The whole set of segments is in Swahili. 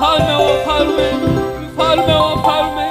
mfalme wa falme mfalme wa falme,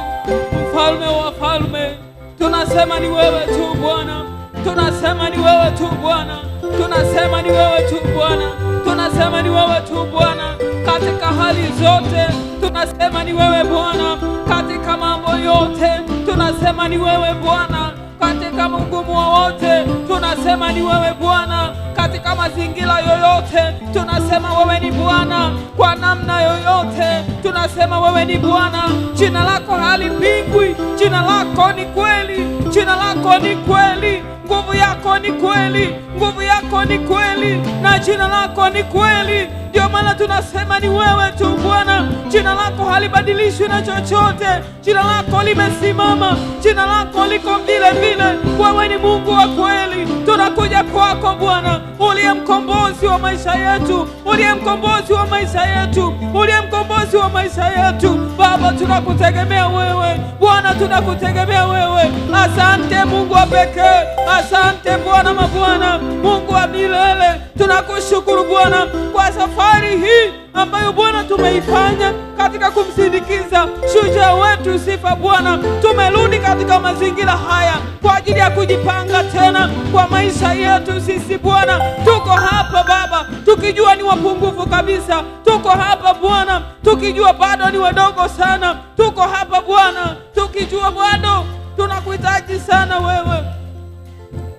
mfalme wa falme. Tunasema ni wewe tu Bwana, tunasema ni wewe tu Bwana, tunasema ni wewe tu Bwana, tunasema ni wewe tu Bwana, katika hali zote tunasema ni wewe Bwana, katika mambo yote tunasema ni wewe Bwana, katika mgumu wowote tunasema ni wewe Bwana katika mazingira yoyote, tunasema wewe ni Bwana. Kwa namna yoyote, tunasema wewe ni Bwana. Jina lako hali mbingwi, jina lako ni kweli, jina lako ni kweli, nguvu yako ni kweli, nguvu yako ni kweli, na jina lako ni kweli. Ndio maana tunasema ni wewe tu Bwana, jina lako halibadilishwi na chochote, jina lako limesimama, jina lako liko vile vile. Wewe ni Mungu wa kweli, tunakuja kwako Bwana, uliye mkombozi wa maisha yetu, uliye mkombozi wa maisha yetu, uliye mkombozi wa maisha yetu. Baba, tunakutegemea wewe Bwana, tunakutegemea wewe. Asante Mungu wa pekee, asante Bwana mabwana, Mungu wa milele, tunakushukuru Bwana kwa safari hii ambayo Bwana tumeifanya katika kumsindikiza shujaa wetu Sifa. Bwana, tumerudi katika mazingira haya kwa ajili ya kujipanga tena kwa maisha yetu sisi. Bwana, tuko hapa Baba tukijua ni wapungufu kabisa, tuko hapa Bwana tukijua bado ni wadogo sana, tuko hapa Bwana tukijua bado tunakuhitaji sana wewe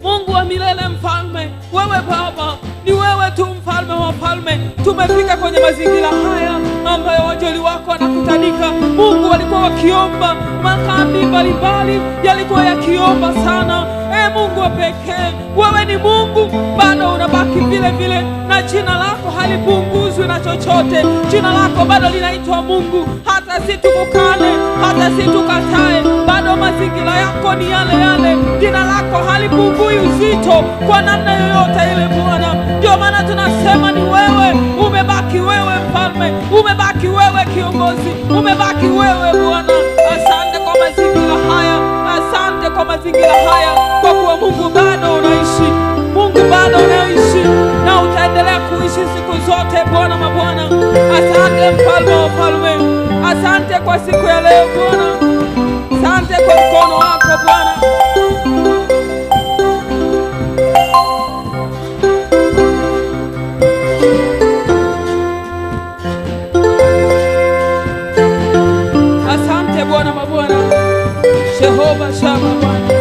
Mungu wa milele, mfalme wewe Baba, ni wewe tu mfalme wa falme. Tumefika kwenye mazingira haya ambayo wajoli wako wanakutanika. Mungu walikuwa wakiomba, makambi mbalimbali yalikuwa yakiomba sana. E Mungu wa pekee, wewe ni Mungu, bado unabaki vile vile, na jina lako halipunguzwi na chochote. Jina lako bado linaitwa Mungu, hata si tukukane, hata si tukatae, bado mazingira yako ni yale yale, jina lako uzito kwa namna yoyote ile Bwana. Ndio maana tunasema ni wewe, umebaki wewe mfalme, umebaki wewe kiongozi, umebaki wewe Bwana. Asante kwa mazingira haya, asante kwa mazingira haya, kwa kuwa Mungu bado unaishi, Mungu bado unaishi na utaendelea kuishi siku zote, Bwana mabwana. Asante mfalme wa falme, asante kwa siku ya leo Bwana. Jehovah Shama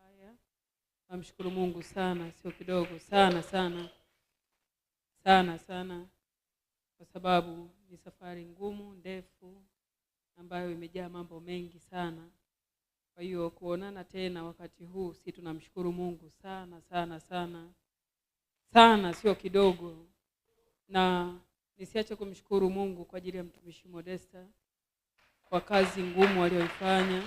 Haya, namshukuru Mungu sana, sio kidogo sana sana sana sana, kwa sababu ni safari ngumu ndefu ambayo imejaa mambo mengi sana. Kwa hiyo kuonana tena wakati huu, si tunamshukuru Mungu sana sana sana sana, sio kidogo. Na nisiache kumshukuru Mungu kwa ajili ya mtumishi Modesta kwa kazi ngumu aliyoifanya.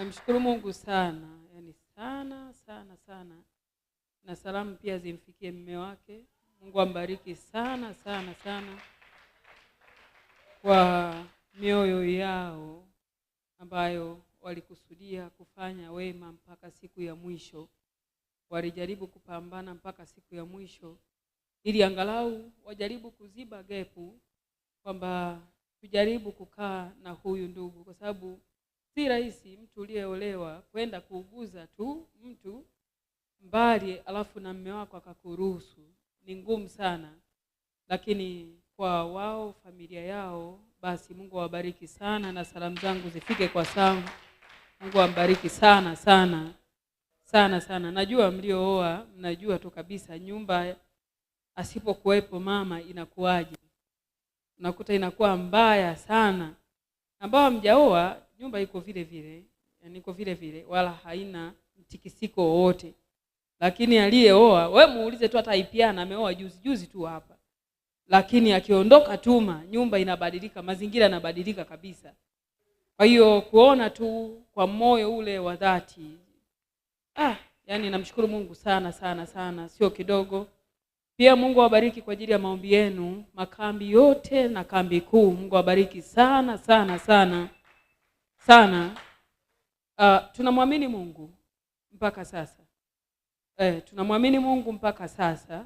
Namshukuru Mungu sana, yani sana sana sana, na salamu pia zimfikie mme wake. Mungu ambariki sana sana sana kwa mioyo yao ambayo walikusudia kufanya wema mpaka siku ya mwisho. Walijaribu kupambana mpaka siku ya mwisho, ili angalau wajaribu kuziba gepu, kwamba tujaribu kukaa na huyu ndugu, kwa sababu Si rahisi mtu uliyeolewa kwenda kuuguza tu mtu mbali, alafu na mme wako akakuruhusu. Ni ngumu sana, lakini kwa wao familia yao, basi Mungu awabariki sana, na salamu zangu zifike kwa Sam. Mungu ambariki sana sana sana sana. Najua mliooa mnajua tu kabisa nyumba asipokuwepo mama inakuwaje, unakuta inakuwa mbaya sana. Ambao hamjaoa nyumba iko vile vile, yani iko vile vile, wala haina mtikisiko wowote. Lakini aliyeoa, we muulize tu, hata Ipiana ameoa juzi juzi tu hapa, lakini akiondoka Tuma nyumba inabadilika, mazingira yanabadilika kabisa. Kwa hiyo kuona tu kwa moyo ule wa dhati, ah, yani namshukuru Mungu sana sana sana, sio kidogo. Pia Mungu awabariki kwa ajili ya maombi yenu, makambi yote na kambi kuu. Mungu awabariki sana sana sana sana uh, tunamwamini Mungu mpaka sasa eh, tunamwamini Mungu mpaka sasa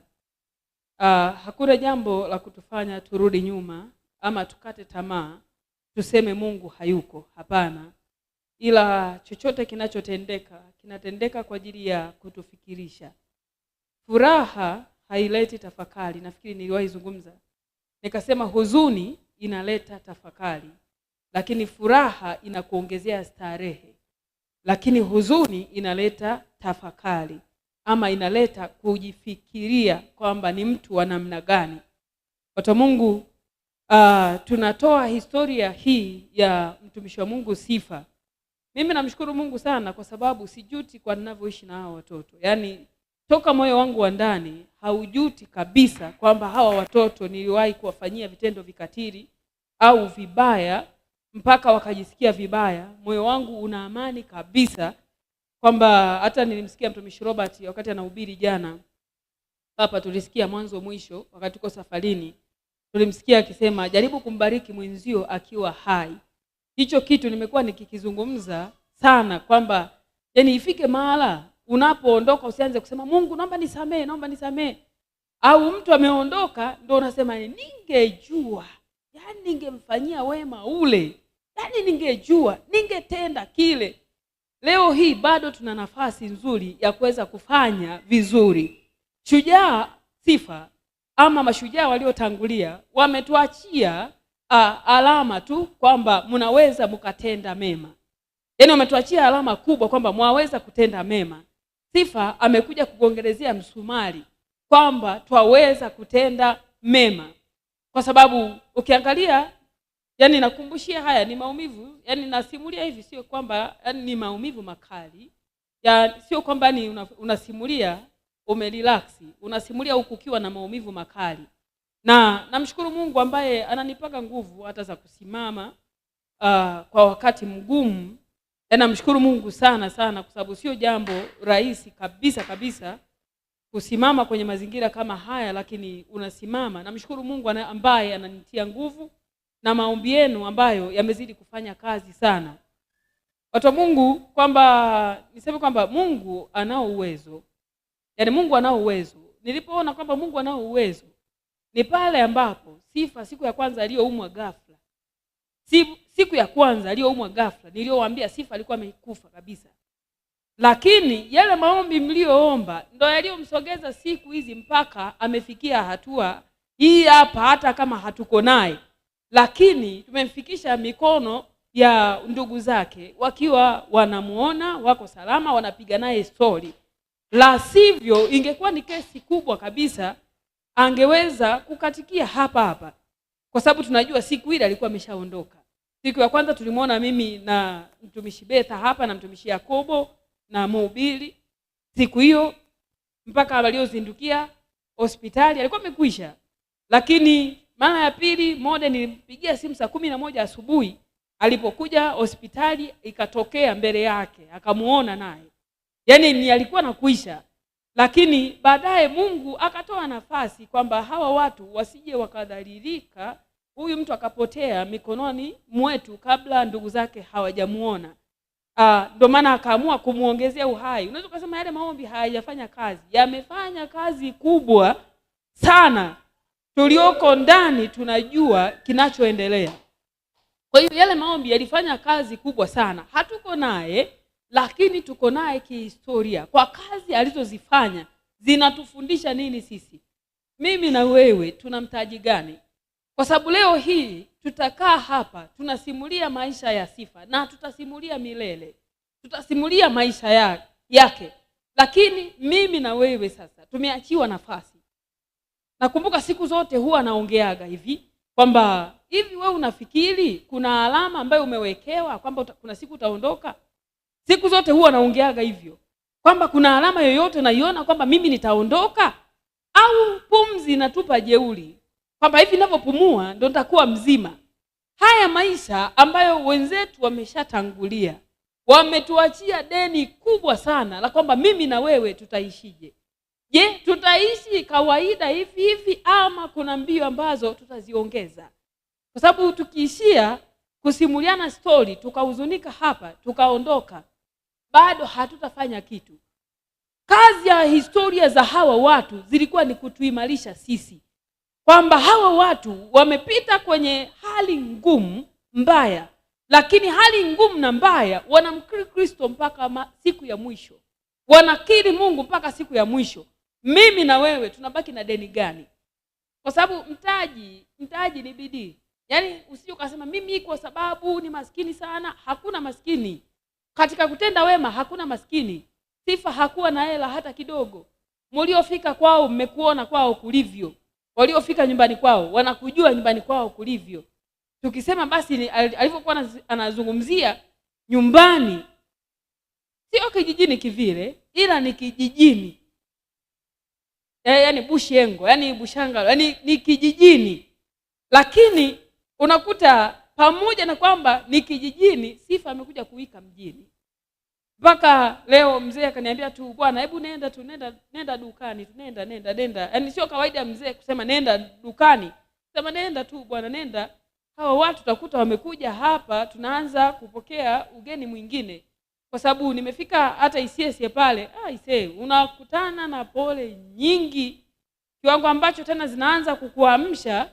uh, hakuna jambo la kutufanya turudi nyuma ama tukate tamaa tuseme Mungu hayuko. Hapana, ila chochote kinachotendeka kinatendeka kwa ajili ya kutufikirisha. Furaha haileti tafakari. Nafikiri niliwahi zungumza nikasema huzuni inaleta tafakari lakini furaha inakuongezea starehe, lakini huzuni inaleta tafakari ama inaleta kujifikiria kwamba ni mtu wa namna gani. Watu Mungu, uh, tunatoa historia hii ya mtumishi wa Mungu Sifa. Mimi namshukuru Mungu sana kwa sababu sijuti kwa ninavyoishi na hawa watoto, yaani toka moyo wangu wa ndani haujuti kabisa kwamba hawa watoto niliwahi kuwafanyia vitendo vikatili au vibaya mpaka wakajisikia vibaya. Moyo wangu una amani kabisa kwamba hata nilimsikia mtumishi Robert wakati anahubiri jana hapa, tulisikia mwanzo mwisho, wakati tuko safarini tulimsikia akisema jaribu kumbariki mwenzio akiwa hai. Hicho kitu nimekuwa nikikizungumza sana kwamba yani ifike mahala unapoondoka usianze kusema Mungu, naomba nisamee, naomba nisamee, au mtu ameondoka ndo unasema ningejua, yani ningemfanyia wema ule yaani ningejua ningetenda kile. Leo hii bado tuna nafasi nzuri ya kuweza kufanya vizuri. Shujaa Sifa ama mashujaa waliotangulia wametuachia alama tu kwamba mnaweza mkatenda mema, yaani wametuachia alama kubwa kwamba mwaweza kutenda mema. Sifa amekuja kugongerezea msumari kwamba twaweza kutenda mema, kwa sababu ukiangalia Yaani nakumbushia haya ni maumivu, yaani nasimulia hivi, sio kwamba yaani ni maumivu makali ya, sio kwamba ni una, unasimulia umerelaksi, unasimulia huku ukiwa na maumivu makali. Na namshukuru Mungu ambaye ananipaga nguvu hata za kusimama uh, kwa wakati mgumu. Namshukuru Mungu sana sana, kwa sababu sio jambo rahisi kabisa kabisa kusimama kwenye mazingira kama haya, lakini unasimama. Namshukuru Mungu ambaye ananitia nguvu na maombi yenu ambayo yamezidi kufanya kazi sana, watu wa Mungu, kwamba niseme kwamba Mungu anao uwezo, yaani Mungu anao uwezo. Nilipoona kwamba Mungu anao uwezo ni pale ambapo Sifa siku ya kwanza aliyoumwa ghafla, siku ya kwanza aliyoumwa ghafla, niliyowaambia Sifa alikuwa amekufa kabisa, lakini yale maombi mliyoomba ndo yaliyomsogeza siku hizi mpaka amefikia hatua hii hapa, hata kama hatuko naye lakini tumemfikisha mikono ya ndugu zake, wakiwa wanamuona, wako salama, wanapiga naye stori. La sivyo, ingekuwa ni kesi kubwa kabisa, angeweza kukatikia hapa hapa, kwa sababu tunajua siku ile alikuwa ameshaondoka. Siku ya kwanza tulimwona mimi na mtumishi Betha hapa na mtumishi Yakobo na mhubiri siku hiyo mpaka waliozindukia hospitali alikuwa amekwisha, lakini mara ya pili Mode nilimpigia simu saa kumi na moja asubuhi alipokuja hospitali ikatokea mbele yake, akamuona naye, yaani ni alikuwa nakuisha, lakini baadaye Mungu akatoa nafasi kwamba hawa watu wasije wakadhalilika, huyu mtu akapotea mikononi mwetu kabla ndugu zake hawajamuona. Ah, ndo maana akaamua kumuongezea uhai. Unaweza ukasema yale maombi hayajafanya kazi, yamefanya kazi kubwa sana tulioko ndani tunajua kinachoendelea. Kwa hiyo yale maombi yalifanya kazi kubwa sana. Hatuko naye lakini tuko naye kihistoria, kwa kazi alizozifanya zinatufundisha nini sisi, mimi na wewe, tuna mtaji gani? Kwa sababu leo hii tutakaa hapa tunasimulia maisha ya sifa na tutasimulia milele, tutasimulia maisha ya, yake, lakini mimi na wewe sasa tumeachiwa nafasi Nakumbuka siku zote huwa naongeaga hivi kwamba hivi, we unafikiri kuna alama ambayo umewekewa kwamba kuna siku utaondoka? Siku zote huwa naongeaga hivyo kwamba kuna alama yoyote naiona kwamba mimi nitaondoka, au pumzi natupa jeuri kwamba hivi ninavyopumua ndo nitakuwa mzima. Haya maisha ambayo wenzetu wameshatangulia wametuachia deni kubwa sana la kwamba mimi na wewe tutaishije. Je, tutaishi kawaida hivi hivi ama kuna mbio ambazo tutaziongeza? Kwa sababu tukiishia kusimuliana stori tukahuzunika hapa tukaondoka, bado hatutafanya kitu. Kazi ya historia za hawa watu zilikuwa ni kutuimarisha sisi, kwamba hawa watu wamepita kwenye hali ngumu mbaya, lakini hali ngumu na mbaya wanamkiri Kristo mpaka siku ya mwisho, wanakiri Mungu mpaka siku ya mwisho mimi na wewe tunabaki na deni gani? Kwa sababu mtaji, mtaji ni bidii. Yaani usije ukasema mimi kwa sababu ni maskini sana. Hakuna maskini katika kutenda wema, hakuna maskini. Sifa hakuwa na hela hata kidogo. Mliofika kwao mmekuona kwao kulivyo, waliofika nyumbani kwao wanakujua nyumbani kwao kulivyo. Tukisema basi, alivyokuwa anazungumzia nyumbani, sio kijijini kivile, ila ni kijijini eh, yani Bushengo, yani Bushangalo, yani ni kijijini, lakini unakuta pamoja na kwamba ni kijijini, sifa amekuja kuika mjini. Mpaka leo mzee akaniambia tu, bwana, hebu nenda tu, nenda nenda dukani, nenda nenda nenda. Yani sio kawaida mzee kusema nenda dukani, sema nenda tu bwana, nenda. Hawa watu utakuta wamekuja hapa, tunaanza kupokea ugeni mwingine kwa sababu nimefika hata Isyesye pale ah, ise unakutana na pole nyingi kiwango ambacho tena zinaanza kukuamsha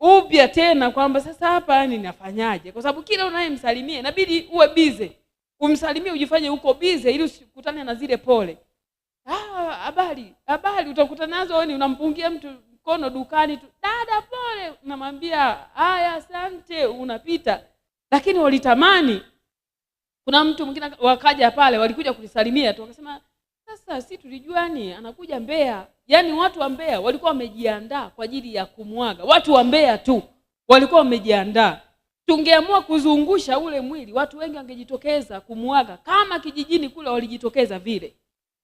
upya tena kwamba sasa hapa yani nafanyaje? Kwa sababu kila unayemsalimia inabidi uwe bize, umsalimie ujifanye uko bize ili usikutane na zile pole. Ah, habari habari, utakutana nazo wewe, unampungia mtu mkono dukani tu, dada pole, unamwambia haya, asante, unapita. Lakini walitamani kuna mtu mwingine wakaja pale, walikuja kunisalimia tu wakasema, sasa si tulijuani anakuja Mbeya. Yaani watu wa Mbeya walikuwa wamejiandaa kwa ajili ya kumwaga, watu wa Mbeya tu walikuwa wamejiandaa. Tungeamua kuzungusha ule mwili, watu wengi wangejitokeza kumwaga kama kijijini kule walijitokeza vile.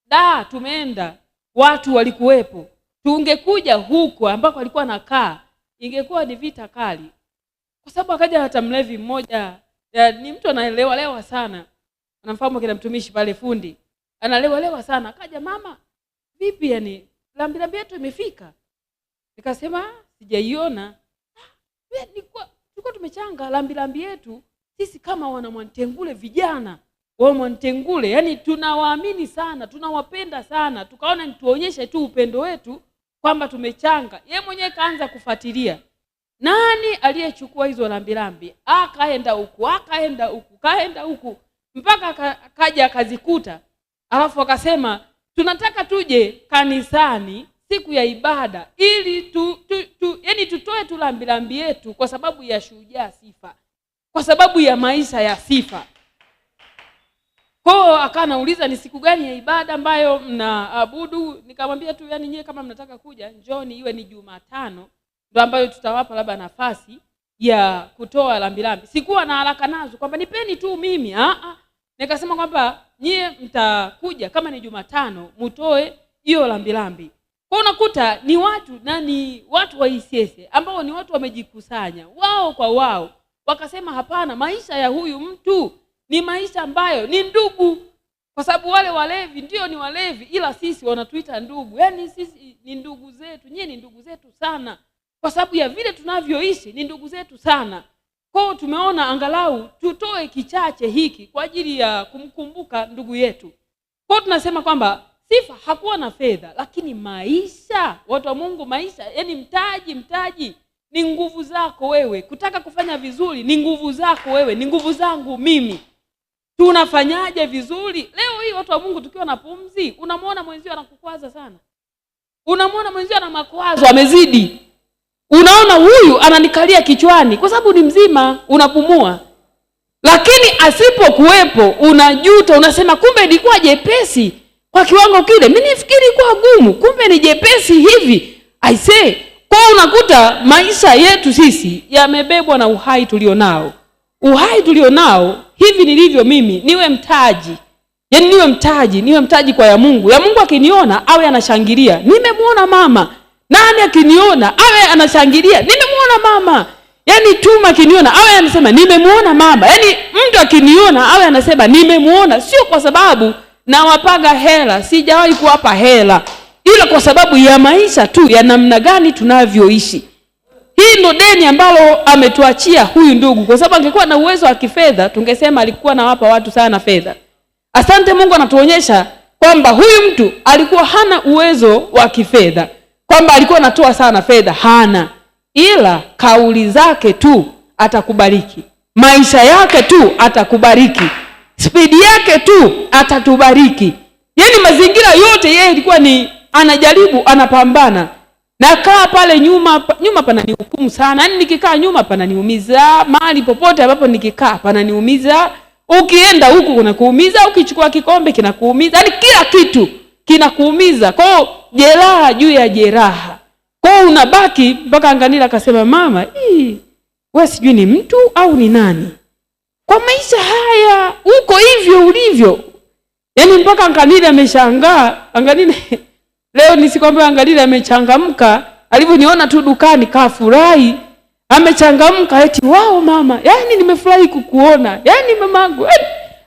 Da, tumeenda watu walikuwepo. Tungekuja huko ambako alikuwa nakaa, ingekuwa ni vita kali, kwa sababu akaja hata mlevi mmoja ya, ni mtu anaelewalewa sana, anamfahamu kina mtumishi pale fundi, analewalewa sana. Akaja mama, vipi yani rambirambi yetu imefika? Nikasema sijaiona. Ah, tulikuwa tumechanga rambirambi yetu sisi kama wana Mwantengule, vijana wa Mwantengule, yani tunawaamini sana, tunawapenda sana, tukaona nituonyeshe tu upendo wetu kwamba tumechanga. Yeye mwenyewe kaanza kufuatilia nani aliyechukua hizo lambilambi akaenda ah, huku akaenda ah, huku kaenda huku mpaka akaja akazikuta, alafu akasema tunataka tuje kanisani siku ya ibada ili tu, tu, tu yani tutoe tu lambilambi yetu kwa sababu ya shujaa Sifa, kwa sababu ya maisha ya Sifa. Kwao akanauliza ni siku gani ya ibada ambayo mnaabudu? Nikamwambia tu yani, nyie kama mnataka kuja, njoni iwe ni Jumatano ndio ambayo tutawapa labda nafasi ya kutoa lambilambi. Sikuwa na haraka nazo kwamba nipeni tu mimi ah, ah. nikasema kwamba nyie mtakuja kama ni Jumatano mtoe hiyo lambilambi. Kwa unakuta ni watu na ni watu wa ICS ambao ni watu wamejikusanya wao kwa wao, wakasema hapana, maisha ya huyu mtu ni maisha ambayo ni ndugu, kwa sababu wale walevi ndio ni walevi, ila sisi wanatuita ndugu. Yaani sisi ni ndugu zetu, nyie ni ndugu zetu sana kwa sababu ya vile tunavyoishi ni ndugu zetu sana kwao. Tumeona angalau tutoe kichache hiki kwa ajili ya kumkumbuka ndugu yetu. Kwao tunasema kwamba Sifa hakuwa na fedha, lakini maisha, watu wa Mungu, maisha yani mtaji, mtaji ni nguvu zako wewe. Kutaka kufanya vizuri ni nguvu zako wewe, ni nguvu zangu mimi. Tunafanyaje vizuri leo hii? Watu wa Mungu, tukiwa na pumzi, unamwona mwenzio anakukwaza sana, unamwona mwenzio ana makwazo amezidi unaona huyu ananikalia kichwani kwa sababu ni mzima, unapumua. Lakini asipokuwepo unajuta, unasema kumbe ilikuwa jepesi kwa kiwango kile, mimi nifikiri ilikuwa gumu, kumbe ni jepesi hivi. I say kwa unakuta maisha yetu sisi yamebebwa na uhai tulionao, uhai tulionao. Hivi nilivyo mimi, niwe mtaji yaani, niwe mtaji, niwe mtaji kwa ya Mungu, ya Mungu akiniona awe anashangilia, nimemwona mama nani akiniona awe anashangilia nimemwona mama, yaani Tuma akiniona awe anasema nimemwona mama, yaani mtu akiniona awe anasema nimemwona, sio kwa sababu nawapaga hela, sijawahi kuwapa hela, ila kwa sababu ya maisha tu ya namna gani tunavyoishi. Hii ndo deni ambalo ametuachia huyu ndugu, kwa sababu angekuwa na uwezo wa kifedha tungesema alikuwa nawapa watu sana fedha. Asante Mungu anatuonyesha kwamba huyu mtu alikuwa hana uwezo wa kifedha, kwamba alikuwa anatoa sana fedha, hana, ila kauli zake tu atakubariki, maisha yake tu atakubariki, spidi yake tu atatubariki. Yaani mazingira yote yeye ilikuwa ni anajaribu, anapambana. Nakaa pale nyuma, nyuma pananihukumu sana, yani nikikaa nyuma pananiumiza, mahali popote ambapo nikikaa pananiumiza ukienda huku kunakuumiza, ukichukua kikombe kinakuumiza, yani kila kitu kinakuumiza kwao jeraha juu ya jeraha. Kwa hiyo unabaki mpaka Anganila akasema, mama, wewe sijui ni mtu au ni nani? Kwa maisha haya uko hivyo ulivyo, yaani mpaka Anganila ameshangaa. Anganila leo nisikwambia, Anganila amechangamka alivyoniona tu dukani, kafurahi amechangamka, eti wao mama, yaani nimefurahi kukuona, yaani mamangu eh.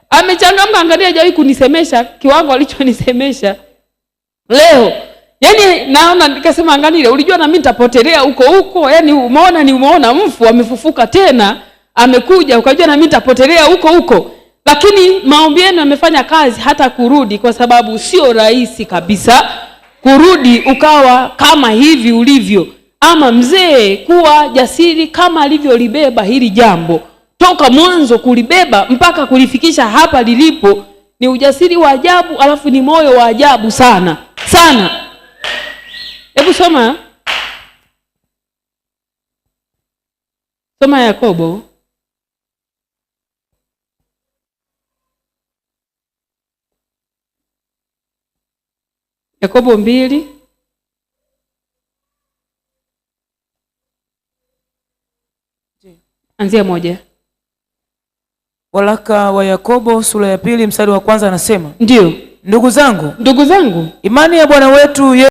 amechangamka. Anganila hajawahi kunisemesha kiwango alichonisemesha leo. Yaani naona nikasema angalia, ulijua na mimi nitapotelea huko huko. Yaani umeona ni umeona mfu amefufuka tena, amekuja ukajua na mimi nitapotelea huko huko. Lakini maombi yenu yamefanya kazi hata kurudi, kwa sababu sio rahisi kabisa kurudi ukawa kama hivi ulivyo. Ama mzee kuwa jasiri kama alivyolibeba hili jambo toka mwanzo, kulibeba mpaka kulifikisha hapa lilipo, ni ujasiri wa ajabu, alafu ni moyo wa ajabu sana sana. Hebu soma soma Yakobo Yakobo mbili anzia moja. Waraka wa Yakobo sura ya pili mstari wa kwanza anasema, ndio ndugu zangu, ndugu zangu, imani ya Bwana wetu ye